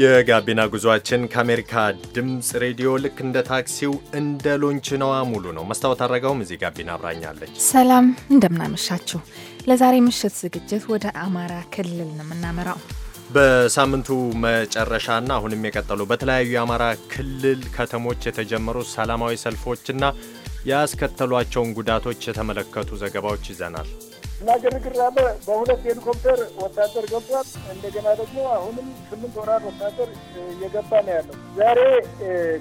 የጋቢና ጉዟችን ከአሜሪካ ድምፅ ሬዲዮ ልክ እንደ ታክሲው እንደ ነዋ ሙሉ ነው። መስታወት አድረጋውም እዚህ ጋቢና አብራኛለች። ሰላም እንደምናመሻችሁ። ለዛሬ ምሽት ዝግጅት ወደ አማራ ክልል ነው የምናመራው። በሳምንቱ መጨረሻና አሁንም የቀጠሉ በተለያዩ የአማራ ክልል ከተሞች የተጀመሩ ሰላማዊ ሰልፎችና ያስከተሏቸውን ጉዳቶች የተመለከቱ ዘገባዎች ይዘናል። እና ግርግር አለ። በሁለት ሄሊኮፕተር ወታደር ገብቷል። እንደገና ደግሞ አሁንም ስምንት ወራት ወታደር እየገባ ነው ያለው። ዛሬ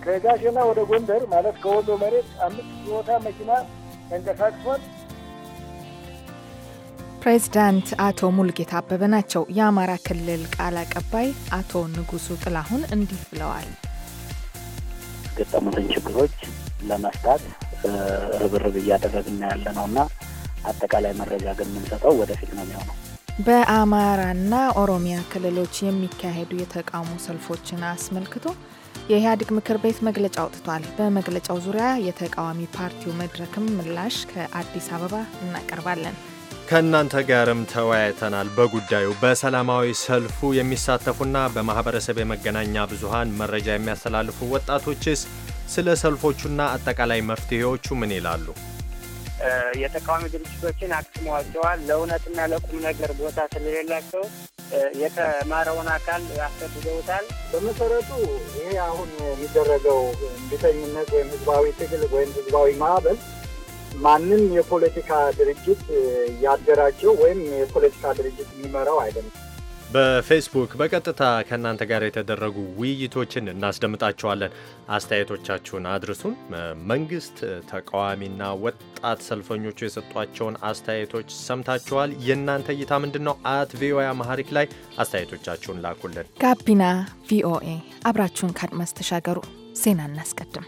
ከጋሸና ወደ ጎንደር ማለት ከወሎ መሬት አምስት ቦታ መኪና ተንቀሳቅሷል። ፕሬዚዳንት አቶ ሙልጌታ አበበ ናቸው። የአማራ ክልል ቃል አቀባይ አቶ ንጉሱ ጥላሁን እንዲህ ብለዋል። ገጠሙትን ችግሮች ለመፍታት ርብርብ እያደረግን ያለ ነው እና አጠቃላይ መረጃ ግን የምንሰጠው ወደፊት ነው የሚሆነው። በአማራና ኦሮሚያ ክልሎች የሚካሄዱ የተቃውሞ ሰልፎችን አስመልክቶ የኢህአዴግ ምክር ቤት መግለጫ አውጥቷል። በመግለጫው ዙሪያ የተቃዋሚ ፓርቲው መድረክም ምላሽ ከአዲስ አበባ እናቀርባለን። ከእናንተ ጋርም ተወያይተናል። በጉዳዩ በሰላማዊ ሰልፉ የሚሳተፉና በማኅበረሰብ የመገናኛ ብዙሃን መረጃ የሚያስተላልፉ ወጣቶችስ ስለ ሰልፎቹና አጠቃላይ መፍትሄዎቹ ምን ይላሉ? የተቃዋሚ ድርጅቶችን አክስመዋቸዋል። ለእውነትና ለቁም ነገር ቦታ ስለሌላቸው የተማረውን አካል አስገድደውታል። በመሰረቱ ይሄ አሁን የሚደረገው እንቢተኝነት ወይም ህዝባዊ ትግል ወይም ህዝባዊ ማዕበል ማንም የፖለቲካ ድርጅት ያደራጀው ወይም የፖለቲካ ድርጅት የሚመራው አይደለም። በፌስቡክ በቀጥታ ከእናንተ ጋር የተደረጉ ውይይቶችን እናስደምጣችኋለን። አስተያየቶቻችሁን አድርሱን። መንግስት፣ ተቃዋሚና ወጣት ሰልፈኞቹ የሰጧቸውን አስተያየቶች ሰምታችኋል። የእናንተ እይታ ምንድን ነው? አት ቪኦኤ አማሃሪክ ላይ አስተያየቶቻችሁን ላኩልን። ጋቢና ቪኦኤ አብራችሁን ካድማስ ተሻገሩ። ዜና እናስቀድም።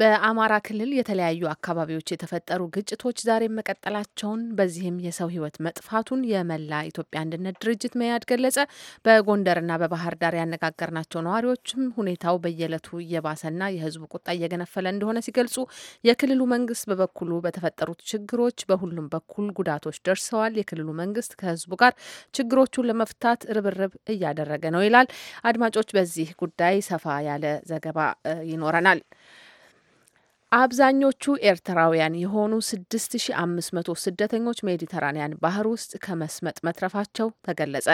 በአማራ ክልል የተለያዩ አካባቢዎች የተፈጠሩ ግጭቶች ዛሬም መቀጠላቸውን በዚህም የሰው ሕይወት መጥፋቱን የመላ ኢትዮጵያ አንድነት ድርጅት መያድ ገለጸ። በጎንደርና በባህር ዳር ያነጋገርናቸው ነዋሪዎችም ሁኔታው በየዕለቱ እየባሰና የሕዝቡ ቁጣ እየገነፈለ እንደሆነ ሲገልጹ፣ የክልሉ መንግስት በበኩሉ በተፈጠሩት ችግሮች በሁሉም በኩል ጉዳቶች ደርሰዋል። የክልሉ መንግስት ከሕዝቡ ጋር ችግሮቹን ለመፍታት ርብርብ እያደረገ ነው ይላል። አድማጮች፣ በዚህ ጉዳይ ሰፋ ያለ ዘገባ ይኖረናል። አብዛኞቹ ኤርትራውያን የሆኑ 6500 ስደተኞች ሜዲተራንያን ባህር ውስጥ ከመስመጥ መትረፋቸው ተገለጸ።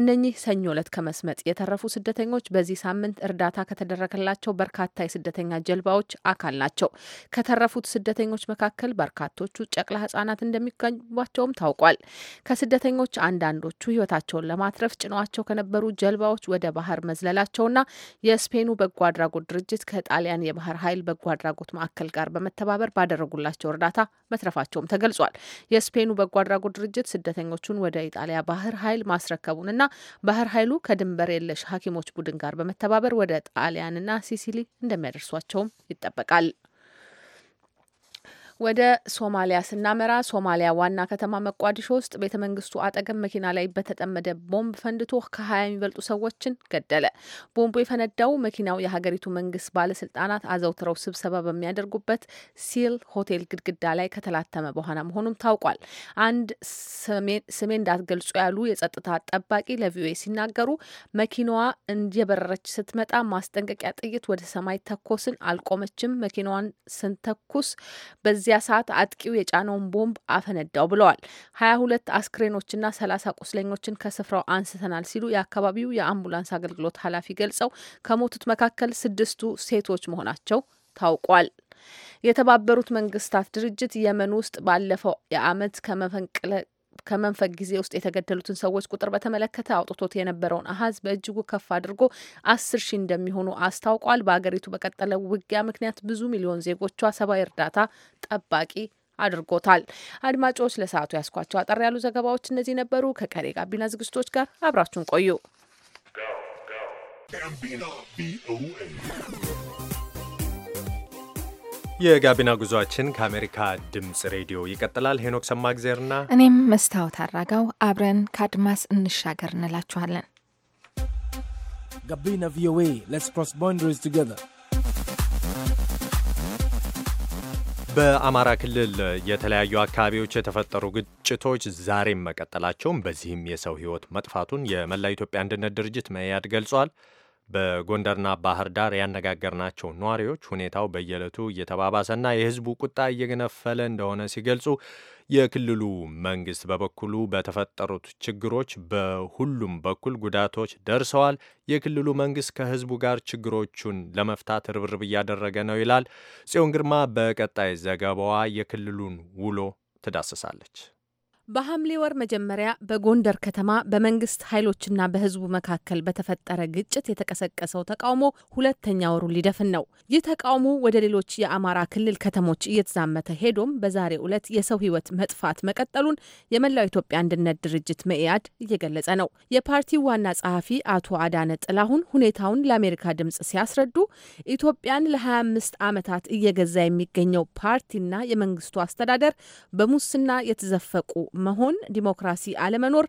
እነኚህ ሰኞ ዕለት ከመስመጥ የተረፉ ስደተኞች በዚህ ሳምንት እርዳታ ከተደረገላቸው በርካታ የስደተኛ ጀልባዎች አካል ናቸው። ከተረፉት ስደተኞች መካከል በርካቶቹ ጨቅላ ህጻናት እንደሚገኙባቸውም ታውቋል። ከስደተኞች አንዳንዶቹ ህይወታቸውን ለማትረፍ ጭነዋቸው ከነበሩ ጀልባዎች ወደ ባህር መዝለላቸውና የስፔኑ በጎ አድራጎት ድርጅት ከጣሊያን የባህር ኃይል በጎ አድራጎት ማዕከል ጋር በመተባበር ባደረጉላቸው እርዳታ መትረፋቸውም ተገልጿል። የስፔኑ በጎ አድራጎት ድርጅት ስደተኞቹን ወደ ኢጣሊያ ባህር ኃይል ማስረከቡንና ባህር ኃይሉ ከድንበር የለሽ ሐኪሞች ቡድን ጋር በመተባበር ወደ ጣሊያንና ሲሲሊ እንደሚያደርሷቸውም ይጠበቃል። ወደ ሶማሊያ ስናመራ ሶማሊያ ዋና ከተማ መቋዲሾ ውስጥ ቤተ መንግስቱ አጠገብ መኪና ላይ በተጠመደ ቦምብ ፈንድቶ ከሀያ የሚበልጡ ሰዎችን ገደለ። ቦምቡ የፈነዳው መኪናው የሀገሪቱ መንግስት ባለስልጣናት አዘውትረው ስብሰባ በሚያደርጉበት ሲል ሆቴል ግድግዳ ላይ ከተላተመ በኋላ መሆኑም ታውቋል። አንድ ስሜ እንዳትገልጹ ያሉ የጸጥታ ጠባቂ ለቪኦኤ ሲናገሩ መኪናዋ እንደበረረች ስትመጣ ማስጠንቀቂያ ጥይት ወደ ሰማይ ተኮስን፣ አልቆመችም። መኪናዋን ስንተኩስ በዚ በዚያ ሰዓት አጥቂው የጫነውን ቦምብ አፈነዳው ብለዋል። ሀያ ሁለት አስክሬኖችና ሰላሳ ቁስለኞችን ከስፍራው አንስተናል ሲሉ የአካባቢው የአምቡላንስ አገልግሎት ኃላፊ ገልጸው ከሞቱት መካከል ስድስቱ ሴቶች መሆናቸው ታውቋል። የተባበሩት መንግስታት ድርጅት የመን ውስጥ ባለፈው የአመት ከመፈንቅለ ከመንፈቅ ጊዜ ውስጥ የተገደሉትን ሰዎች ቁጥር በተመለከተ አውጥቶት የነበረውን አሀዝ በእጅጉ ከፍ አድርጎ አስር ሺህ እንደሚሆኑ አስታውቋል። በሀገሪቱ በቀጠለ ውጊያ ምክንያት ብዙ ሚሊዮን ዜጎቿ ሰብአዊ እርዳታ ጠባቂ አድርጎታል። አድማጮች ለሰዓቱ ያስኳቸው አጠር ያሉ ዘገባዎች እነዚህ ነበሩ። ከቀሬ ጋቢና ዝግጅቶች ጋር አብራችሁን ቆዩ። የጋቢና ጉዟችን ከአሜሪካ ድምፅ ሬዲዮ ይቀጥላል። ሄኖክ ሰማግዜርና እኔም መስታወት አራጋው አብረን ከአድማስ እንሻገር እንላችኋለን። ጋቢና ቪኦኤ ሌትስ ክሮስ ቦንደሪስ ቱጌዘር በአማራ ክልል የተለያዩ አካባቢዎች የተፈጠሩ ግጭቶች ዛሬም መቀጠላቸውን በዚህም የሰው ሕይወት መጥፋቱን የመላ ኢትዮጵያ አንድነት ድርጅት መያድ ገልጿል። በጎንደርና ባህር ዳር ያነጋገርናቸው ነዋሪዎች ሁኔታው በየዕለቱ እየተባባሰና የሕዝቡ ቁጣ እየገነፈለ እንደሆነ ሲገልጹ፣ የክልሉ መንግስት በበኩሉ በተፈጠሩት ችግሮች በሁሉም በኩል ጉዳቶች ደርሰዋል፣ የክልሉ መንግስት ከህዝቡ ጋር ችግሮቹን ለመፍታት ርብርብ እያደረገ ነው ይላል። ጽዮን ግርማ በቀጣይ ዘገባዋ የክልሉን ውሎ ትዳስሳለች። በሐምሌ ወር መጀመሪያ በጎንደር ከተማ በመንግስት ኃይሎችና በህዝቡ መካከል በተፈጠረ ግጭት የተቀሰቀሰው ተቃውሞ ሁለተኛ ወሩን ሊደፍን ነው። ይህ ተቃውሞ ወደ ሌሎች የአማራ ክልል ከተሞች እየተዛመተ ሄዶም በዛሬ ዕለት የሰው ህይወት መጥፋት መቀጠሉን የመላው ኢትዮጵያ አንድነት ድርጅት መኢአድ እየገለጸ ነው። የፓርቲው ዋና ጸሐፊ አቶ አዳነ ጥላሁን ሁኔታውን ለአሜሪካ ድምጽ ሲያስረዱ ኢትዮጵያን ለ25 ዓመታት እየገዛ የሚገኘው ፓርቲና የመንግስቱ አስተዳደር በሙስና የተዘፈቁ መሆን፣ ዲሞክራሲ አለመኖር፣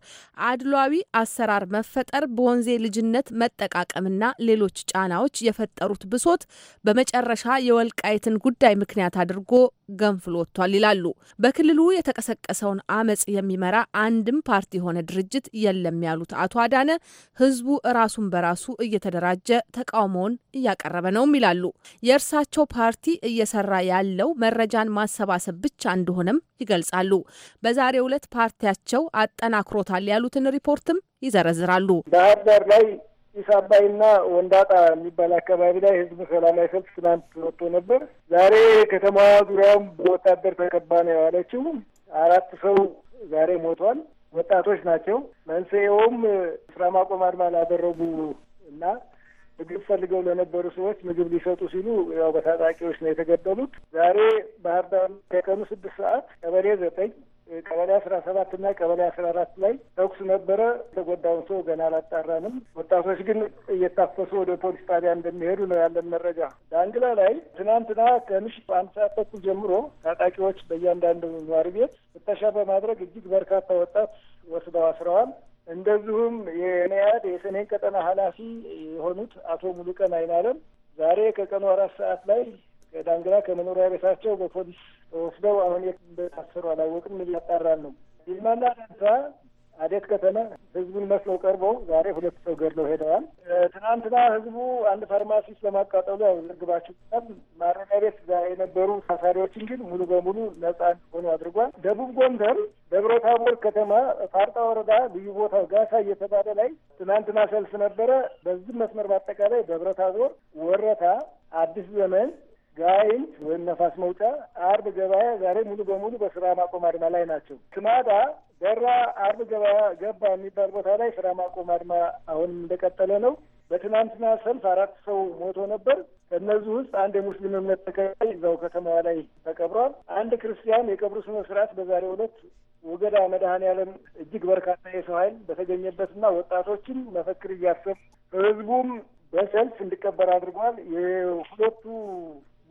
አድሏዊ አሰራር መፈጠር፣ በወንዜ ልጅነት መጠቃቀምና ሌሎች ጫናዎች የፈጠሩት ብሶት በመጨረሻ የወልቃይትን ጉዳይ ምክንያት አድርጎ ገንፍሎ ወጥቷል ይላሉ። በክልሉ የተቀሰቀሰውን አመጽ የሚመራ አንድም ፓርቲ የሆነ ድርጅት የለም ያሉት አቶ አዳነ ህዝቡ ራሱን በራሱ እየተደራጀ ተቃውሞውን እያቀረበ ነውም ይላሉ። የእርሳቸው ፓርቲ እየሰራ ያለው መረጃን ማሰባሰብ ብቻ እንደሆነም ይገልጻሉ። በዛሬው በማለት ፓርቲያቸው አጠናክሮታል ያሉትን ሪፖርትም ይዘረዝራሉ። ባህር ዳር ላይ ጢስ አባይና ወንዳጣ የሚባል አካባቢ ላይ ህዝብ ሰላማዊ ሰልፍ ትናንት ወጥቶ ነበር። ዛሬ ከተማዋ ዙሪያውም በወታደር ተከባ ነው የዋለችው። አራት ሰው ዛሬ ሞቷል። ወጣቶች ናቸው። መንስኤውም ስራ ማቆም አድማ ላደረጉ እና ምግብ ፈልገው ለነበሩ ሰዎች ምግብ ሊሰጡ ሲሉ ያው በታጣቂዎች ነው የተገደሉት። ዛሬ ባህር ዳር ከቀኑ ስድስት ሰዓት ቀበሌ ዘጠኝ ቀበሌ አስራ ሰባት እና ቀበሌ አስራ አራት ላይ ተኩስ ነበረ። ተጎዳውን ሰው ገና አላጣራንም። ወጣቶች ግን እየታፈሱ ወደ ፖሊስ ጣቢያ እንደሚሄዱ ነው ያለን መረጃ። ዳንግላ ላይ ትናንትና ከምሽት አንድ ሰዓት ተኩል ጀምሮ ታጣቂዎች በእያንዳንዱ ነዋሪ ቤት ፍተሻ በማድረግ እጅግ በርካታ ወጣት ወስደው አስረዋል። እንደዚሁም የኔያድ የሰሜን ቀጠና ኃላፊ የሆኑት አቶ ሙሉቀን አይናለም ዛሬ ከቀኑ አራት ሰዓት ላይ ከዳንግላ ከመኖሪያ ቤታቸው በፖሊስ ወስደው አሁን የት እንደታሰሩ አላወቅም። እያጣራን ነው። ይልማና ደንሳ አዴት ከተማ ህዝቡን መስለው ቀርበው ዛሬ ሁለት ሰው ገድለው ሄደዋል። ትናንትና ህዝቡ አንድ ፋርማሲስት ለማቃጠሉ ያው ዘግባችሁ ማረሚያ ቤት የነበሩ ታሳሪዎችን ግን ሙሉ በሙሉ ነጻ እንዲሆኑ አድርጓል። ደቡብ ጎንደር ደብረ ታቦር ከተማ ፋርጣ ወረዳ ልዩ ቦታው ጋሳ እየተባለ ላይ ትናንትና ሰልፍ ነበረ። በዚህ መስመር በአጠቃላይ ደብረ ታቦር፣ ወረታ፣ አዲስ ዘመን ጋይንት ወይም ነፋስ መውጫ፣ አርብ ገበያ ዛሬ ሙሉ በሙሉ በስራ ማቆም አድማ ላይ ናቸው። ትማዳ ደራ አርብ ገበያ ገባ የሚባል ቦታ ላይ ስራ ማቆም አድማ አሁንም እንደቀጠለ ነው። በትናንትና ሰልፍ አራት ሰው ሞቶ ነበር። ከእነዚህ ውስጥ አንድ የሙስሊም እምነት ተከታይ እዛው ከተማዋ ላይ ተቀብሯል። አንድ ክርስቲያን የቀብሩ ስነ ስርዓት በዛሬው ዕለት ወገዳ መድኃኔዓለም እጅግ በርካታ የሰው ኃይል በተገኘበትና ወጣቶችን መፈክር እያሰብ ህዝቡም በሰልፍ እንዲቀበር አድርጓል። የሁለቱ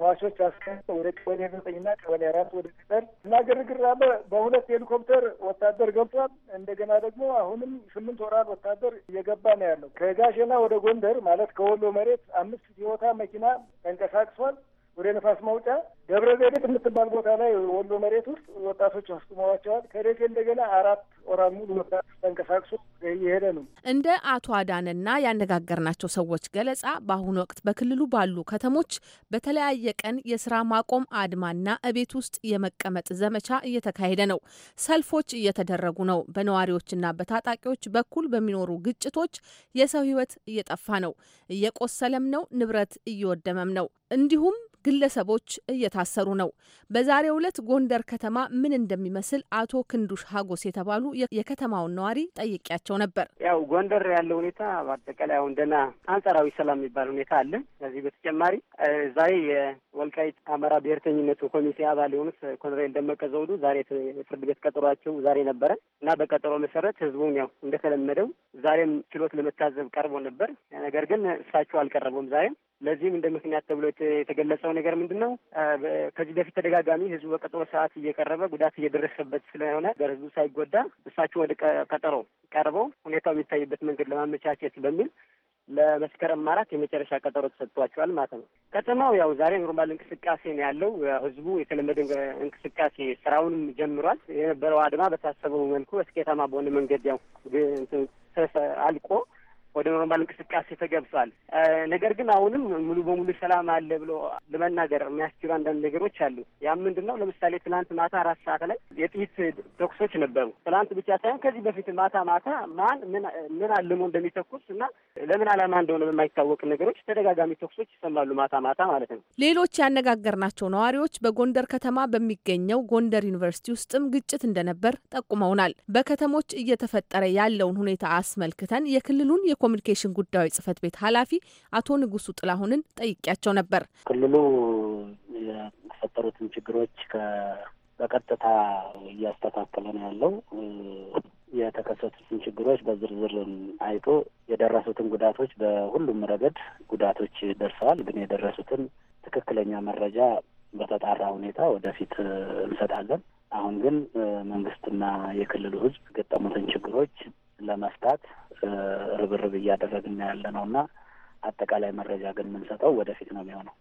ሟቾች አስከ ወደ ቀበሌ ዘጠኝና ቀበሌ አራት ወደ ገጠር እና ግርግር አለ። በሁለት ሄሊኮፕተር ወታደር ገብቷል። እንደገና ደግሞ አሁንም ስምንት ወራት ወታደር እየገባ ነው ያለው። ከጋሸና ወደ ጎንደር ማለት ከወሎ መሬት አምስት ቶዮታ መኪና ተንቀሳቅሷል። ወደ ነፋስ ማውጫ ደብረ ዘይት የምትባል ቦታ ላይ ወሎ መሬት ውስጥ ወጣቶች አስቁመዋቸዋል። ከደሴ እንደገና አራት ወራት ሙሉ ወጣት ተንቀሳቅሶ እየሄደ ነው። እንደ አቶ አዳንና ያነጋገርናቸው ሰዎች ገለጻ በአሁኑ ወቅት በክልሉ ባሉ ከተሞች በተለያየ ቀን የስራ ማቆም አድማና እቤት ውስጥ የመቀመጥ ዘመቻ እየተካሄደ ነው። ሰልፎች እየተደረጉ ነው። በነዋሪዎችና በታጣቂዎች በኩል በሚኖሩ ግጭቶች የሰው ህይወት እየጠፋ ነው፣ እየቆሰለም ነው፣ ንብረት እየወደመም ነው። እንዲሁም ግለሰቦች እየታሰሩ ነው። በዛሬው ዕለት ጎንደር ከተማ ምን እንደሚመስል አቶ ክንዱሽ ሀጎስ የተባሉ የከተማውን ነዋሪ ጠይቄያቸው ነበር። ያው ጎንደር ያለው ሁኔታ በአጠቃላይ አሁን ደህና አንጻራዊ ሰላም የሚባል ሁኔታ አለ። ከዚህ በተጨማሪ ዛሬ የወልቃይት አማራ ብሔርተኝነቱ ኮሚቴ አባል የሆኑት ኮሎኔል ደመቀ ዘውዱ ዛሬ ፍርድ ቤት ቀጠሯቸው ዛሬ ነበረ እና በቀጠሮ መሰረት ህዝቡን ያው እንደተለመደው ዛሬም ችሎት ለመታዘብ ቀርቦ ነበር። ነገር ግን እሳቸው አልቀረቡም ዛሬም ለዚህም እንደ ምክንያት ተብሎ የተገለጸው ነገር ምንድን ነው? ከዚህ በፊት ተደጋጋሚ ህዝቡ በቀጠሮ ሰዓት እየቀረበ ጉዳት እየደረሰበት ስለሆነ በህዝቡ ሳይጎዳ እሳቸው ወደ ቀጠሮ ቀርበው ሁኔታው የሚታይበት መንገድ ለማመቻቸት በሚል ለመስከረም አራት የመጨረሻ ቀጠሮ ተሰጥቷቸዋል ማለት ነው። ከተማው ያው ዛሬ ኖርማል እንቅስቃሴ ነው ያለው። ህዝቡ የተለመደ እንቅስቃሴ ስራውንም ጀምሯል። የነበረው አድማ በታሰበው መልኩ እስኬታማ በሆነ መንገድ ያው አልቆ ወደ ኖርማል እንቅስቃሴ ተገብቷል። ነገር ግን አሁንም ሙሉ በሙሉ ሰላም አለ ብሎ ለመናገር የሚያስችሉ አንዳንድ ነገሮች አሉ። ያ ምንድን ነው? ለምሳሌ ትናንት ማታ አራት ሰዓት ላይ የጥይት ተኩሶች ነበሩ። ትናንት ብቻ ሳይሆን ከዚህ በፊት ማታ ማታ ማን ምን አልሞ እንደሚተኩስ እና ለምን ዓላማ እንደሆነ በማይታወቅ ነገሮች ተደጋጋሚ ተኩሶች ይሰማሉ ማታ ማታ ማለት ነው። ሌሎች ያነጋገርናቸው ነዋሪዎች በጎንደር ከተማ በሚገኘው ጎንደር ዩኒቨርሲቲ ውስጥም ግጭት እንደነበር ጠቁመውናል። በከተሞች እየተፈጠረ ያለውን ሁኔታ አስመልክተን የክልሉን የኮሚኒኬሽን ጉዳዮች ጽህፈት ቤት ኃላፊ አቶ ንጉሱ ጥላሁንን ጠይቄያቸው ነበር። ክልሉ የተፈጠሩትን ችግሮች በቀጥታ እያስተካከለ ነው ያለው። የተከሰቱትን ችግሮች በዝርዝር አይቶ የደረሱትን ጉዳቶች በሁሉም ረገድ ጉዳቶች ደርሰዋል። ግን የደረሱትን ትክክለኛ መረጃ በተጣራ ሁኔታ ወደፊት እንሰጣለን። አሁን ግን መንግስትና የክልሉ ህዝብ ገጠሙትን ችግሮች ለመፍታት ርብርብ እያደረግን ያለ ነው እና አጠቃላይ መረጃ ግን የምንሰጠው ወደፊት ነው የሚሆነው።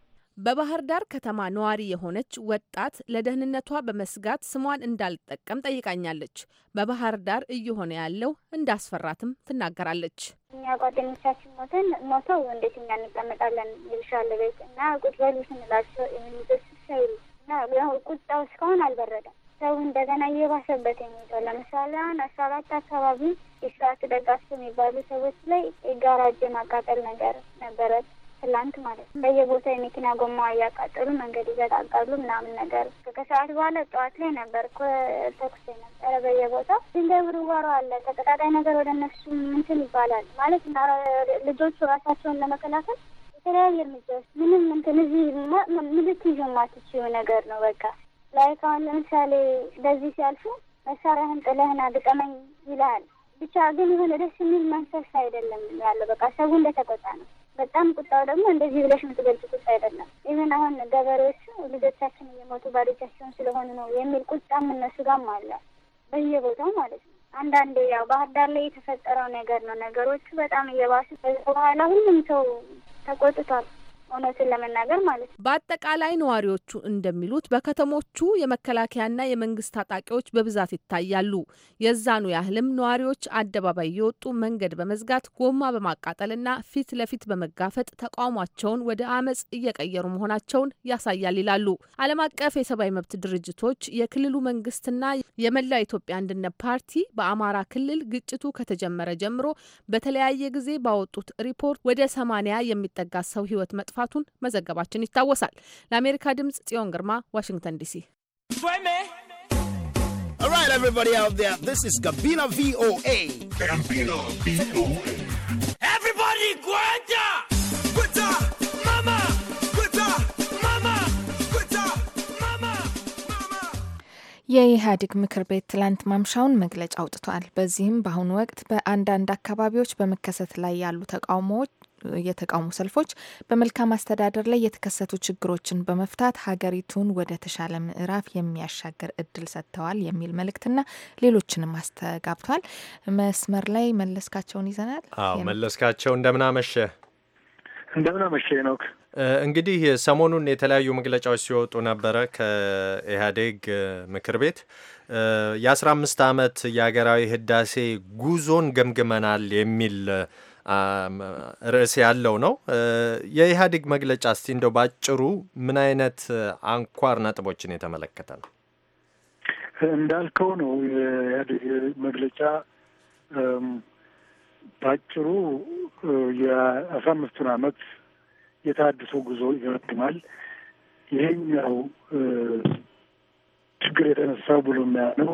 በባህር ዳር ከተማ ነዋሪ የሆነች ወጣት ለደህንነቷ በመስጋት ስሟን እንዳልጠቀም ጠይቃኛለች። በባህር ዳር እየሆነ ያለው እንዳስፈራትም ትናገራለች። እኛ ጓደኞቻችን ሞተን ሞተው እንዴት እኛ እንቀመጣለን ይብሻለ ቤት እና ቁጭ በሉ ስንላቸው የሚዘስ ሳይሉ እና ቁጣው እስካሁን አልበረደም። ሰው እንደገና እየባሰበት የሚሄደው ለምሳሌ አሁን አስራ አራት አካባቢ የስርዓት ደጋፊ የሚባሉ ሰዎች ላይ የጋራጅ ማቃጠል ነገር ነበረ። ትላንት ማለት ነው። በየቦታ የመኪና ጎማ እያቃጠሉ መንገድ ይዘጋጋሉ ምናምን ነገር። ከሰዓት በኋላ ጠዋት ላይ ነበር ተኩስ ነበረ በየቦታው። ድንጋይ ውርዋሮ አለ። ተቀጣጣይ ነገር ወደ እነሱ ምንትን ይባላል ማለት እና ልጆቹ ራሳቸውን ለመከላከል የተለያየ እርምጃ ምንም ምንትን እዚህ ምልክ ይዞ ማትችው ነገር ነው በቃ ላይክ አሁን ለምሳሌ በዚህ ሲያልፉ መሳሪያህን ጥለህና ግጠመኝ ይላል። ብቻ ግን የሆነ ደስ የሚል መንፈስ አይደለም ያለው። በቃ ሰው እንደተቆጣ ነው። በጣም ቁጣው ደግሞ እንደዚህ ብለሽ የምትገልጽ ቁጣ አይደለም። ኢቨን አሁን ገበሬዎቹ ልጆቻችን እየሞቱ ባዶቻቸውን ስለሆኑ ነው የሚል ቁጣም እነሱ ጋም አለ፣ በየቦታው ማለት ነው። አንዳንዴ ያው ባህር ዳር ላይ የተፈጠረው ነገር ነው። ነገሮቹ በጣም እየባሱ በኋላ ሁሉም ሰው ተቆጥቷል። እውነትን ለመናገር ማለት ነው። በአጠቃላይ ነዋሪዎቹ እንደሚሉት በከተሞቹ የመከላከያና የመንግስት ታጣቂዎች በብዛት ይታያሉ። የዛኑ ያህልም ነዋሪዎች አደባባይ የወጡ መንገድ በመዝጋት ጎማ በማቃጠልና ፊት ለፊት በመጋፈጥ ተቃውሟቸውን ወደ አመጽ እየቀየሩ መሆናቸውን ያሳያል ይላሉ። ዓለም አቀፍ የሰብአዊ መብት ድርጅቶች የክልሉ መንግስትና የመላው ኢትዮጵያ አንድነት ፓርቲ በአማራ ክልል ግጭቱ ከተጀመረ ጀምሮ በተለያየ ጊዜ ባወጡት ሪፖርት ወደ ሰማኒያ የሚጠጋ ሰው ህይወት መጥፋ መጥፋቱን መዘገባችን ይታወሳል። ለአሜሪካ ድምጽ ጽዮን ግርማ፣ ዋሽንግተን ዲሲ። የኢህአዴግ ምክር ቤት ትላንት ማምሻውን መግለጫ አውጥቷል። በዚህም በአሁኑ ወቅት በአንዳንድ አካባቢዎች በመከሰት ላይ ያሉ ተቃውሞዎች የተቃውሞ ሰልፎች በመልካም አስተዳደር ላይ የተከሰቱ ችግሮችን በመፍታት ሀገሪቱን ወደ ተሻለ ምዕራፍ የሚያሻገር እድል ሰጥተዋል የሚል መልእክትና ሌሎችንም አስተጋብቷል። መስመር ላይ መለስካቸውን ይዘናል። አዎ መለስካቸው፣ እንደምናመሸ እንደምናመሸ ኖክ እንግዲህ ሰሞኑን የተለያዩ መግለጫዎች ሲወጡ ነበረ ከኢህአዴግ ምክር ቤት የአስራ አምስት ዓመት የሀገራዊ ህዳሴ ጉዞን ገምግመናል የሚል ርዕስ ያለው ነው። የኢህአዴግ መግለጫ እስቲ እንደው ባጭሩ ምን አይነት አንኳር ነጥቦችን የተመለከተ ነው? እንዳልከው ነው። የኢህአዴግ መግለጫ ባጭሩ የአስራ አምስቱን አመት የተሃድሶ ጉዞ ይረግማል። ይሄኛው ችግር የተነሳው ብሎ የሚያነው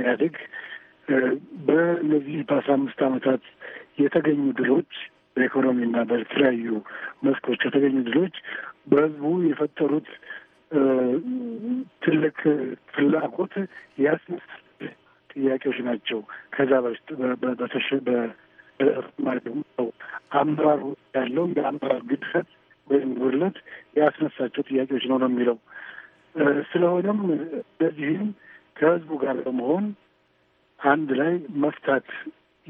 ኢህአዴግ በእነዚህ በአስራ አምስት አመታት የተገኙ ድሎች በኢኮኖሚና በተለያዩ መስኮች የተገኙ ድሎች በህዝቡ የፈጠሩት ትልቅ ፍላጎት ያስመስል ጥያቄዎች ናቸው። ከዛ በተጨማሪ ደግሞ አመራሩ ያለው የአመራር ግድፈት ወይም ጉድለት ያስነሳቸው ጥያቄዎች ነው ነው የሚለው ስለሆነም በዚህም ከህዝቡ ጋር በመሆን አንድ ላይ መፍታት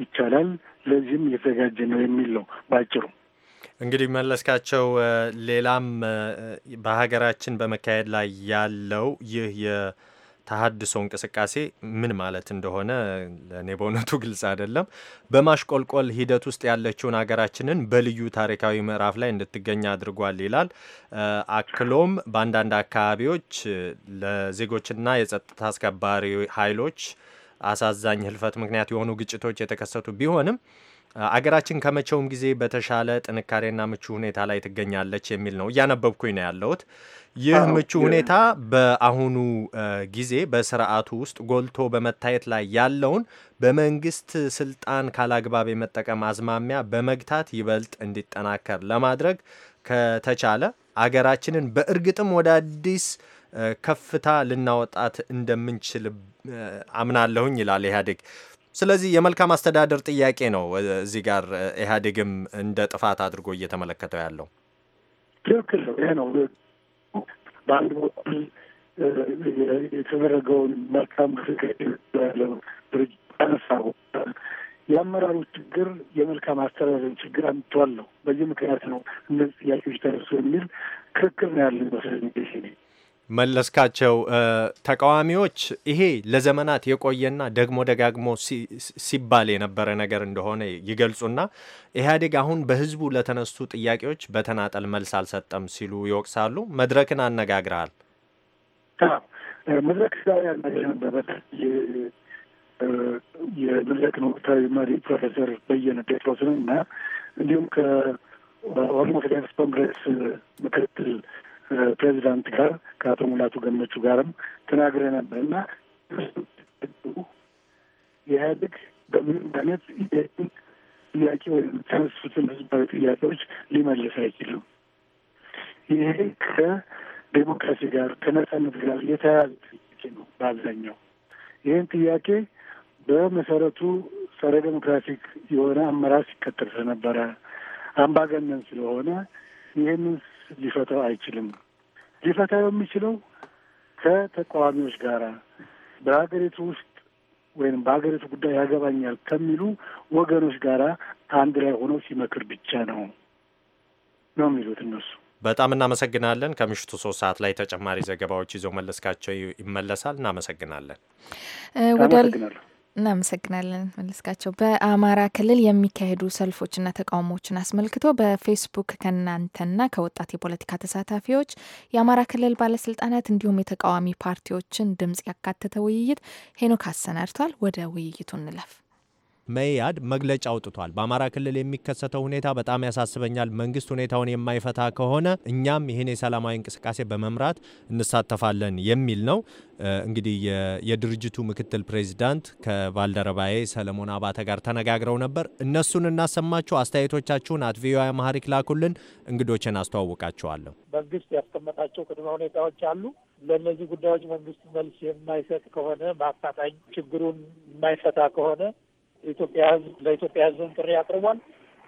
ይቻላል። ለዚህም እየተዘጋጀ ነው የሚል ነው ባጭሩ። እንግዲህ መለስካቸው፣ ሌላም በሀገራችን በመካሄድ ላይ ያለው ይህ የተሀድሶ እንቅስቃሴ ምን ማለት እንደሆነ ለእኔ በእውነቱ ግልጽ አይደለም። በማሽቆልቆል ሂደት ውስጥ ያለችውን ሀገራችንን በልዩ ታሪካዊ ምዕራፍ ላይ እንድትገኝ አድርጓል ይላል። አክሎም በአንዳንድ አካባቢዎች ለዜጎችና የጸጥታ አስከባሪ ኃይሎች አሳዛኝ ህልፈት ምክንያት የሆኑ ግጭቶች የተከሰቱ ቢሆንም አገራችን ከመቼውም ጊዜ በተሻለ ጥንካሬና ምቹ ሁኔታ ላይ ትገኛለች የሚል ነው እያነበብኩኝ ነው ያለሁት። ይህ ምቹ ሁኔታ በአሁኑ ጊዜ በስርዓቱ ውስጥ ጎልቶ በመታየት ላይ ያለውን በመንግስት ስልጣን ካላግባብ የመጠቀም አዝማሚያ በመግታት ይበልጥ እንዲጠናከር ለማድረግ ከተቻለ አገራችንን በእርግጥም ወደ አዲስ ከፍታ ልናወጣት እንደምንችል አምናለሁኝ ይላል ኢህአዴግ። ስለዚህ የመልካም አስተዳደር ጥያቄ ነው እዚህ ጋር ኢህአዴግም እንደ ጥፋት አድርጎ እየተመለከተው ያለው። ትክክል ነው። ይሄ ነው በአንድ በኩል የተደረገውን መልካም ያለው ድርጅት አነሳ የአመራሩ ችግር የመልካም አስተዳደር ችግር አምጥቷል ነው። በዚህ ምክንያት ነው እነዚህ ጥያቄዎች ተነሱ የሚል ክርክር ነው ያለ ይመስለኝ። መለስካቸው ተቃዋሚዎች ይሄ ለዘመናት የቆየና ደግሞ ደጋግሞ ሲባል የነበረ ነገር እንደሆነ ይገልጹና ኢህአዴግ አሁን በህዝቡ ለተነሱ ጥያቄዎች በተናጠል መልስ አልሰጠም ሲሉ ይወቅሳሉ። መድረክን አነጋግረሃል። መድረክ ዛሬ ያነጋገረበት የመድረክን ወቅታዊ መሪ ፕሮፌሰር በየነ ጴጥሮስን እና እንዲሁም ከኦሮሞ ፌዴራሊስት ኮንግረስ ምክትል ፕሬዚዳንት ጋር ከአቶ ሙላቱ ገመቹ ጋርም ተናግረ ነበር እና የኢህአዴግ በምንም አይነት ጥያቄ ወይም ተነሱትን ህዝባዊ ጥያቄዎች ሊመልስ አይችልም። ይሄ ከዴሞክራሲ ጋር ከነጻነት ጋር የተያያዘ ጥያቄ ነው በአብዛኛው። ይህን ጥያቄ በመሰረቱ ጸረ ዴሞክራቲክ የሆነ አመራር ሲከተል ስለነበረ አምባገነን ስለሆነ ይህንን ሊፈታው አይችልም። ሊፈታው የሚችለው ከተቃዋሚዎች ጋር በሀገሪቱ ውስጥ ወይም በሀገሪቱ ጉዳይ ያገባኛል ከሚሉ ወገኖች ጋር አንድ ላይ ሆነው ሲመክር ብቻ ነው ነው የሚሉት እነሱ። በጣም እናመሰግናለን። ከምሽቱ ሶስት ሰዓት ላይ ተጨማሪ ዘገባዎች ይዞ መለስካቸው ይመለሳል። እናመሰግናለን። እናመሰግናለን መለስካቸው። በአማራ ክልል የሚካሄዱ ሰልፎችና ተቃውሞዎችን አስመልክቶ በፌስቡክ ከእናንተና ከወጣት የፖለቲካ ተሳታፊዎች የአማራ ክልል ባለስልጣናት እንዲሁም የተቃዋሚ ፓርቲዎችን ድምጽ ያካተተ ውይይት ሄኖክ አሰናድቷል። ወደ ውይይቱ እንለፍ። መያድ መግለጫ አውጥቷል። በአማራ ክልል የሚከሰተው ሁኔታ በጣም ያሳስበኛል። መንግስት ሁኔታውን የማይፈታ ከሆነ እኛም ይህን የሰላማዊ እንቅስቃሴ በመምራት እንሳተፋለን የሚል ነው። እንግዲህ የድርጅቱ ምክትል ፕሬዚዳንት ከባልደረባዬ ሰለሞን አባተ ጋር ተነጋግረው ነበር። እነሱን እናሰማችሁ። አስተያየቶቻችሁን አት ቪኦኤ አማሪክ ላኩልን። እንግዶችን አስተዋውቃችኋለሁ። መንግስት ያስቀመጣቸው ቅድመ ሁኔታዎች አሉ። ለእነዚህ ጉዳዮች መንግስት መልስ የማይሰጥ ከሆነ በአፋጣኝ ችግሩን የማይፈታ ከሆነ የኢትዮጵያ ህዝብ ለኢትዮጵያ ህዝብን ጥሪ አቅርቧል።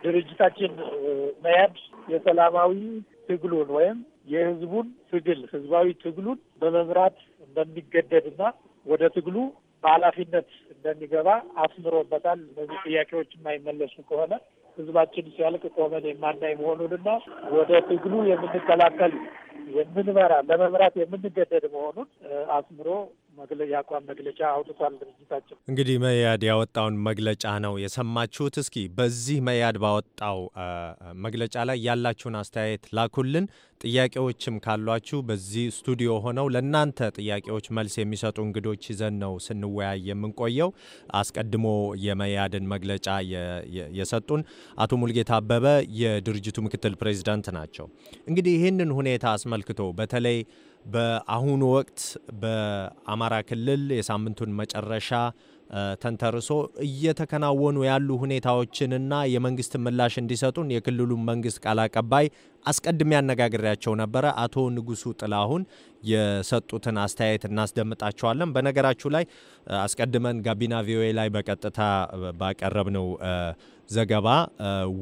ድርጅታችን መያድ የሰላማዊ ትግሉን ወይም የህዝቡን ትግል ህዝባዊ ትግሉን በመምራት እንደሚገደድና ወደ ትግሉ በኃላፊነት እንደሚገባ አስምሮበታል። እነዚህ ጥያቄዎች የማይመለሱ ከሆነ ህዝባችን ሲያልቅ ቆመን የማናይ መሆኑንና ወደ ትግሉ የምንከላከል የምንመራ ለመምራት የምንገደድ መሆኑን አስምሮ የአቋም መግለጫ አውጥቷል። ድርጅታችን እንግዲህ መያድ ያወጣውን መግለጫ ነው የሰማችሁት። እስኪ በዚህ መያድ ባወጣው መግለጫ ላይ ያላችሁን አስተያየት ላኩልን። ጥያቄዎችም ካሏችሁ በዚህ ስቱዲዮ ሆነው ለእናንተ ጥያቄዎች መልስ የሚሰጡ እንግዶች ይዘን ነው ስንወያይ የምንቆየው። አስቀድሞ የመያድን መግለጫ የሰጡን አቶ ሙልጌታ አበበ የድርጅቱ ምክትል ፕሬዚዳንት ናቸው። እንግዲህ ይህንን ሁኔታ አስመልክቶ በተለይ በአሁኑ ወቅት በአማራ ክልል የሳምንቱን መጨረሻ ተንተርሶ እየተከናወኑ ያሉ ሁኔታዎችንና የመንግስት ምላሽ እንዲሰጡን የክልሉን መንግስት ቃል አቀባይ አስቀድሜ ያነጋግሬያቸው ነበረ። አቶ ንጉሱ ጥላሁን የሰጡትን አስተያየት እናስደምጣቸዋለን። በነገራችሁ ላይ አስቀድመን ጋቢና ቪኦኤ ላይ በቀጥታ ባቀረብነው ዘገባ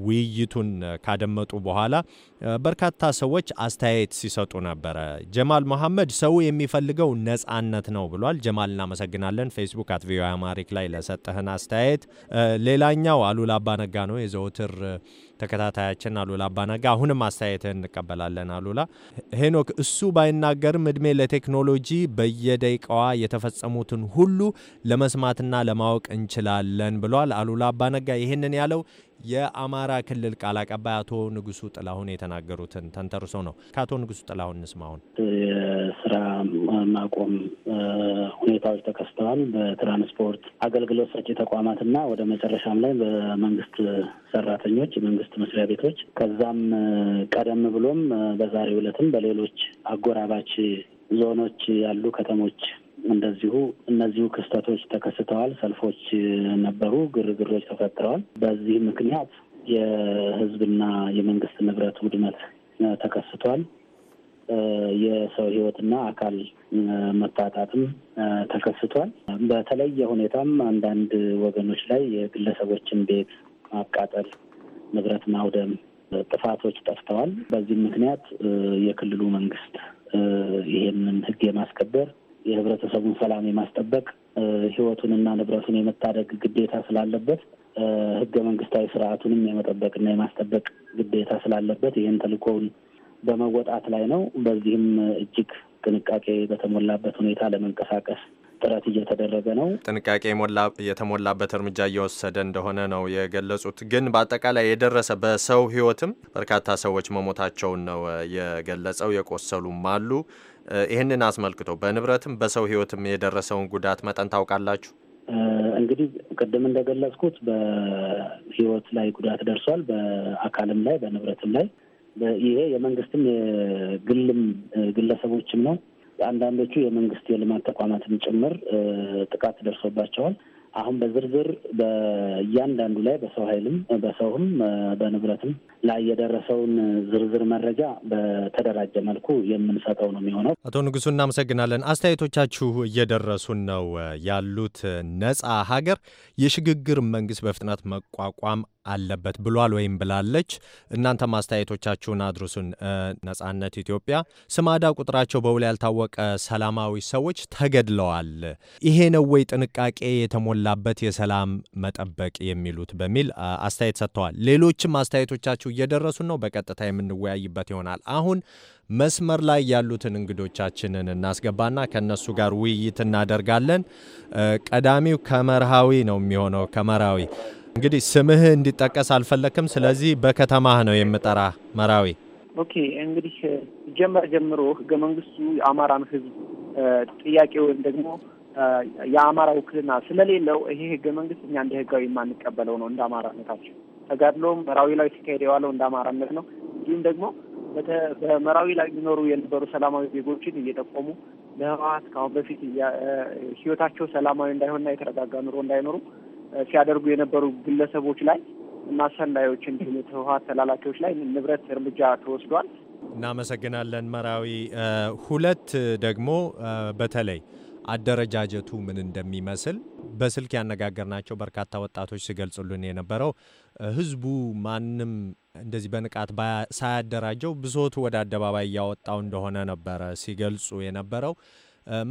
ውይይቱን ካደመጡ በኋላ በርካታ ሰዎች አስተያየት ሲሰጡ ነበረ። ጀማል መሐመድ ሰው የሚፈልገው ነጻነት ነው ብሏል። ጀማል እናመሰግናለን፣ ፌስቡክ አት ቪኦኤ አማሪክ ላይ ለሰጠህን አስተያየት። ሌላኛው አሉላ አባነጋ ነው የዘውትር ተከታታያችን አሉላ አባናጋ አሁንም አስተያየትህን እንቀበላለን። አሉላ ሄኖክ፣ እሱ ባይናገርም እድሜ ለቴክኖሎጂ በየደቂቃዋ የተፈጸሙትን ሁሉ ለመስማትና ለማወቅ እንችላለን ብሏል። አሉላ አባነጋ ይህንን ያለው የአማራ ክልል ቃል አቀባይ አቶ ንጉሱ ጥላሁን የተናገሩትን ተንተርሶ ነው። ከአቶ ንጉሱ ጥላሁን እንስማ። አሁን የስራ ማቆም ሁኔታዎች ተከስተዋል። በትራንስፖርት አገልግሎት ሰጪ ተቋማት እና ወደ መጨረሻም ላይ በመንግስት ሰራተኞች፣ የመንግስት መስሪያ ቤቶች ከዛም ቀደም ብሎም በዛሬ ዕለትም በሌሎች አጎራባች ዞኖች ያሉ ከተሞች እንደዚሁ እነዚሁ ክስተቶች ተከስተዋል። ሰልፎች ነበሩ፣ ግርግሮች ተፈጥረዋል። በዚህ ምክንያት የህዝብና የመንግስት ንብረት ውድመት ተከስቷል። የሰው ህይወትና አካል መታጣትም ተከስቷል። በተለየ ሁኔታም አንዳንድ ወገኖች ላይ የግለሰቦችን ቤት ማቃጠል፣ ንብረት ማውደም ጥፋቶች ጠፍተዋል። በዚህም ምክንያት የክልሉ መንግስት ይህንን ህግ የማስከበር የህብረተሰቡን ሰላም የማስጠበቅ ህይወቱንና ንብረቱን የመታደግ ግዴታ ስላለበት ህገ መንግስታዊ ስርዓቱንም የመጠበቅና የማስጠበቅ ግዴታ ስላለበት ይህን ተልእኮውን በመወጣት ላይ ነው። በዚህም እጅግ ጥንቃቄ በተሞላበት ሁኔታ ለመንቀሳቀስ ጥረት እየተደረገ ነው። ጥንቃቄ የተሞላበት እርምጃ እየወሰደ እንደሆነ ነው የገለጹት። ግን በአጠቃላይ የደረሰ በሰው ህይወትም በርካታ ሰዎች መሞታቸውን ነው የገለጸው። የቆሰሉም አሉ። ይህንን አስመልክቶ በንብረትም በሰው ህይወትም የደረሰውን ጉዳት መጠን ታውቃላችሁ? እንግዲህ ቅድም እንደገለጽኩት በህይወት ላይ ጉዳት ደርሷል። በአካልም ላይ በንብረትም ላይ ይሄ የመንግስትም የግልም ግለሰቦችም ነው። አንዳንዶቹ የመንግስት የልማት ተቋማትም ጭምር ጥቃት ደርሶባቸዋል። አሁን በዝርዝር በእያንዳንዱ ላይ በሰው ኃይልም በሰውም በንብረትም ላይ የደረሰውን ዝርዝር መረጃ በተደራጀ መልኩ የምንሰጠው ነው የሚሆነው። አቶ ንጉሱ እናመሰግናለን። አስተያየቶቻችሁ እየደረሱን ነው ያሉት። ነጻ ሀገር የሽግግር መንግስት በፍጥነት መቋቋም አለበት ብሏል ወይም ብላለች። እናንተ ማስተያየቶቻችሁን አድርሱን። ነጻነት ኢትዮጵያ ስማዳ ቁጥራቸው በውል ያልታወቀ ሰላማዊ ሰዎች ተገድለዋል። ይሄ ነው ወይ ጥንቃቄ የተሞላ የተሞላበት የሰላም መጠበቅ የሚሉት በሚል አስተያየት ሰጥተዋል። ሌሎችም አስተያየቶቻችሁ እየደረሱን ነው፣ በቀጥታ የምንወያይበት ይሆናል። አሁን መስመር ላይ ያሉትን እንግዶቻችንን እናስገባና ከነሱ ጋር ውይይት እናደርጋለን። ቀዳሚው ከመርሃዊ ነው የሚሆነው። ከመርሃዊ እንግዲህ ስምህ እንዲጠቀስ አልፈለክም፣ ስለዚህ በከተማህ ነው የምጠራ መራዊ። ኦኬ እንግዲህ ጀመር ጀምሮ ህገ መንግስቱ የአማራን ህዝብ ጥያቄ ወይም ደግሞ የአማራ ውክልና ስለሌለው ይሄ ህገ መንግስት እኛ እንደ ህጋዊ የማንቀበለው ነው። እንደ አማራነታችን ተጋድሎም መራዊ ላይ ሲካሄድ የዋለው እንደ አማራነት ነው። እንዲሁም ደግሞ በመራዊ ላይ የሚኖሩ የነበሩ ሰላማዊ ዜጎችን እየጠቆሙ ለህወሓት ከአሁን በፊት ህይወታቸው ሰላማዊ እንዳይሆንና የተረጋጋ ኑሮ እንዳይኖሩ ሲያደርጉ የነበሩ ግለሰቦች ላይ እና እንዲሁም ህወሓት ተላላኪዎች ላይ ንብረት እርምጃ ተወስዷል። እናመሰግናለን መራዊ። ሁለት ደግሞ በተለይ አደረጃጀቱ ምን እንደሚመስል በስልክ ያነጋገርናቸው በርካታ ወጣቶች ሲገልጹልን የነበረው ህዝቡ ማንም እንደዚህ በንቃት ሳያደራጀው ብሶቱ ወደ አደባባይ እያወጣው እንደሆነ ነበረ ሲገልጹ የነበረው።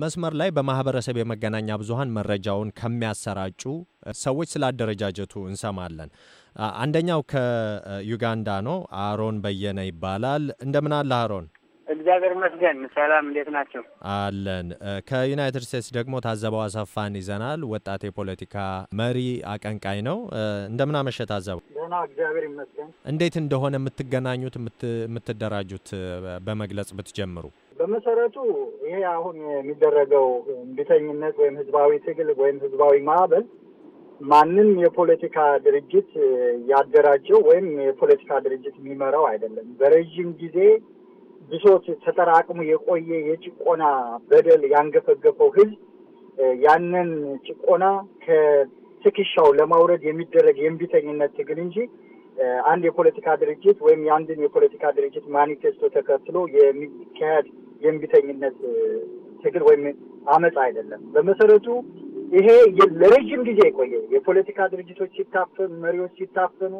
መስመር ላይ በማህበረሰብ የመገናኛ ብዙሀን መረጃውን ከሚያሰራጩ ሰዎች ስለ አደረጃጀቱ እንሰማለን። አንደኛው ከዩጋንዳ ነው። አሮን በየነ ይባላል። እንደምን አለ አሮን? እግዚአብሔር ይመስገን። ሰላም፣ እንዴት ናቸው? አለን። ከዩናይትድ ስቴትስ ደግሞ ታዘበው አሰፋን ይዘናል። ወጣት የፖለቲካ መሪ አቀንቃኝ ነው። እንደምን አመሸ ታዘበው? ደህና፣ እግዚአብሔር ይመስገን። እንዴት እንደሆነ የምትገናኙት የምትደራጁት በመግለጽ ብትጀምሩ። በመሰረቱ ይሄ አሁን የሚደረገው እምቢተኝነት ወይም ህዝባዊ ትግል ወይም ህዝባዊ ማዕበል ማንም የፖለቲካ ድርጅት ያደራጀው ወይም የፖለቲካ ድርጅት የሚመራው አይደለም። በረዥም ጊዜ ብሶት ተጠራቅሞ የቆየ የጭቆና በደል ያንገፈገፈው ህዝብ ያንን ጭቆና ከትከሻው ለማውረድ የሚደረግ የእምቢተኝነት ትግል እንጂ አንድ የፖለቲካ ድርጅት ወይም የአንድን የፖለቲካ ድርጅት ማኒፌስቶ ተከትሎ የሚካሄድ የእምቢተኝነት ትግል ወይም አመፅ አይደለም። በመሰረቱ ይሄ ለረጅም ጊዜ የቆየ የፖለቲካ ድርጅቶች ሲታፈኑ፣ መሪዎች ሲታፈኑ፣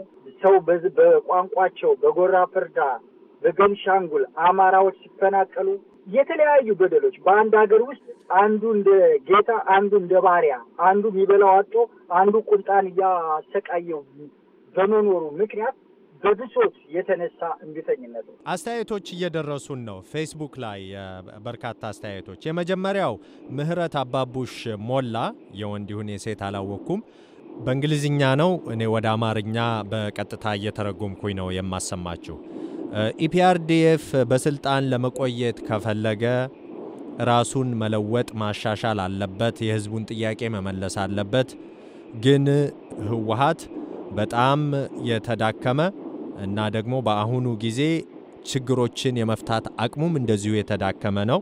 ሰው በቋንቋቸው በጎራ ፍርዳ በቤንሻንጉል አማራዎች ሲፈናቀሉ የተለያዩ በደሎች በአንድ ሀገር ውስጥ አንዱ እንደ ጌታ፣ አንዱ እንደ ባሪያ፣ አንዱ የሚበላው አጥቶ፣ አንዱ ቁንጣን እያሰቃየው በመኖሩ ምክንያት በብሶት የተነሳ እንቢተኝነት ነው። አስተያየቶች እየደረሱን ነው። ፌስቡክ ላይ በርካታ አስተያየቶች። የመጀመሪያው ምህረት አባቡሽ ሞላ የወንድ ይሁን የሴት አላወቅኩም። በእንግሊዝኛ ነው። እኔ ወደ አማርኛ በቀጥታ እየተረጎምኩኝ ነው የማሰማችሁ ኢፒአርዲኤፍ በስልጣን ለመቆየት ከፈለገ ራሱን መለወጥ ማሻሻል አለበት፣ የህዝቡን ጥያቄ መመለስ አለበት። ግን ህወሀት በጣም የተዳከመ እና ደግሞ በአሁኑ ጊዜ ችግሮችን የመፍታት አቅሙም እንደዚሁ የተዳከመ ነው።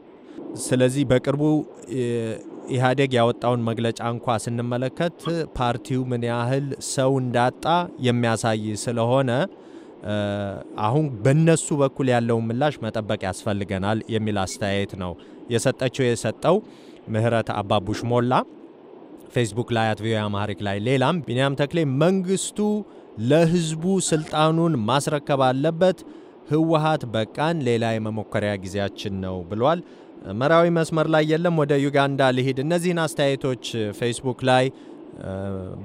ስለዚህ በቅርቡ ኢህአዴግ ያወጣውን መግለጫ እንኳ ስንመለከት ፓርቲው ምን ያህል ሰው እንዳጣ የሚያሳይ ስለሆነ አሁን በነሱ በኩል ያለውን ምላሽ መጠበቅ ያስፈልገናል የሚል አስተያየት ነው የሰጠችው። የሰጠው ምህረት አባቡሽ ሞላ ፌስቡክ ላይ አት ቪኦኤ አማሪክ ላይ ሌላም ቢንያም ተክሌ መንግስቱ ለህዝቡ ስልጣኑን ማስረከብ አለበት፣ ህወሀት በቃን፣ ሌላ የመሞከሪያ ጊዜያችን ነው ብሏል። መራዊ መስመር ላይ የለም። ወደ ዩጋንዳ ልሂድ። እነዚህን አስተያየቶች ፌስቡክ ላይ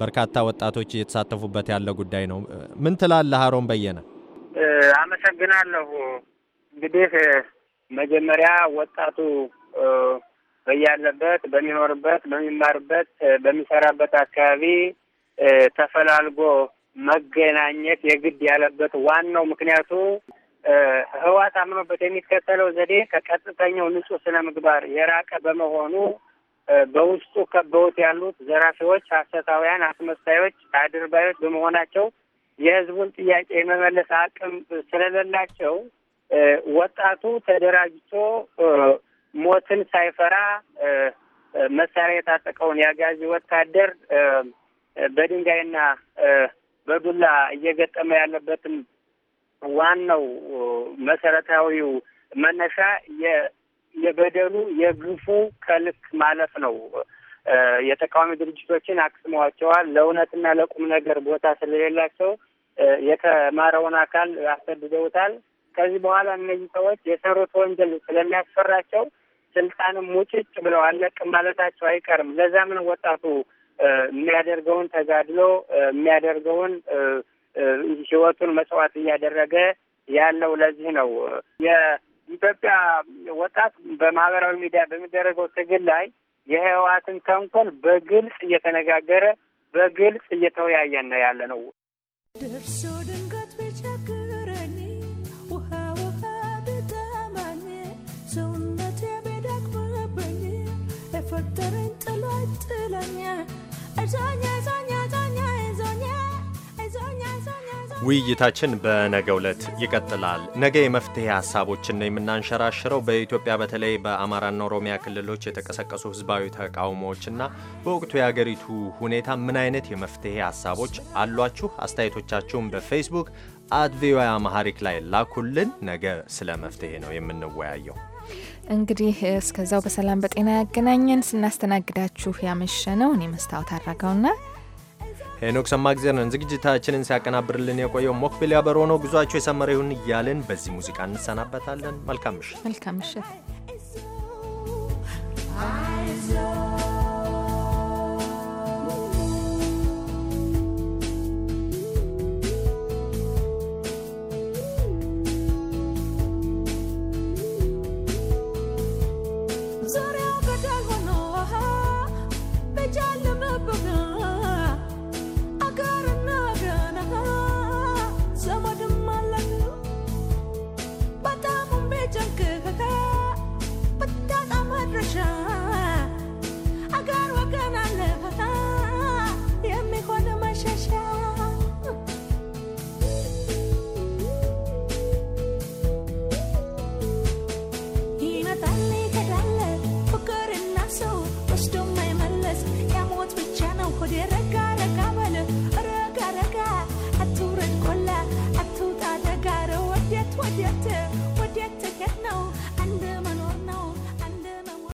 በርካታ ወጣቶች እየተሳተፉበት ያለ ጉዳይ ነው። ምን ትላለህ አሮን በየነ? አመሰግናለሁ። እንግዲህ መጀመሪያ ወጣቱ በያለበት በሚኖርበት፣ በሚማርበት፣ በሚሰራበት አካባቢ ተፈላልጎ መገናኘት የግድ ያለበት ዋናው ምክንያቱ ህዋት አምኖበት የሚከተለው ዘዴ ከቀጥተኛው ንጹህ ስነ ምግባር የራቀ በመሆኑ በውስጡ ከበውት ያሉት ዘራፊዎች፣ ሐሰታውያን፣ አስመሳዮች፣ አድርባዮች በመሆናቸው የህዝቡን ጥያቄ የመመለስ አቅም ስለሌላቸው ወጣቱ ተደራጅቶ ሞትን ሳይፈራ መሳሪያ የታጠቀውን የአጋዚ ወታደር በድንጋይና በዱላ እየገጠመ ያለበትን ዋናው መሰረታዊው መነሻ የበደሉ የግፉ ከልክ ማለፍ ነው። የተቃዋሚ ድርጅቶችን አክስመዋቸዋል። ለእውነትና ለቁም ነገር ቦታ ስለሌላቸው የተማረውን አካል አሰድደውታል። ከዚህ በኋላ እነዚህ ሰዎች የሰሩት ወንጀል ስለሚያስፈራቸው ስልጣንም ሙጭጭ ብለው አለቅም ማለታቸው አይቀርም። ለዛ ምን ወጣቱ የሚያደርገውን ተጋድሎ የሚያደርገውን ህይወቱን መስዋዕት እያደረገ ያለው ለዚህ ነው። ኢትዮጵያ ወጣት በማህበራዊ ሚዲያ በሚደረገው ትግል ላይ የህወሓትን ተንኮል በግልጽ እየተነጋገረ በግልጽ እየተወያየን ነው ያለ ነው። ደርሶ ድንገት ቢቸግረኝ ውሃ ውሃ ቢጠማኝ ሰውነት ቢደክምብኝ የፈጠረኝ ጥሎኝ ጥሎኝ እዛኛ እዛኛ ውይይታችን በነገ ዕለት ይቀጥላል። ነገ የመፍትሄ ሀሳቦችን ነው የምናንሸራሽረው። በኢትዮጵያ በተለይ በአማራና ኦሮሚያ ክልሎች የተቀሰቀሱ ህዝባዊ ተቃውሞዎችና በወቅቱ የአገሪቱ ሁኔታ ምን አይነት የመፍትሄ ሀሳቦች አሏችሁ? አስተያየቶቻችሁን በፌስቡክ አት ቪኦኤ አማሃሪክ ላይ ላኩልን። ነገ ስለ መፍትሄ ነው የምንወያየው። እንግዲህ እስከዛው በሰላም በጤና ያገናኘን። ስናስተናግዳችሁ ያመሸ ነው እኔ መስታወት አድረገውና ሄኖክ ሰማእግዜር ነን። ዝግጅታችንን ሲያቀናብርልን የቆየው ሞክቢል ያበሮ ነው። ጉዟቸው የሰመረ ይሁን እያልን በዚህ ሙዚቃ እንሰናበታለን። መልካም ምሽት። መልካም ምሽት።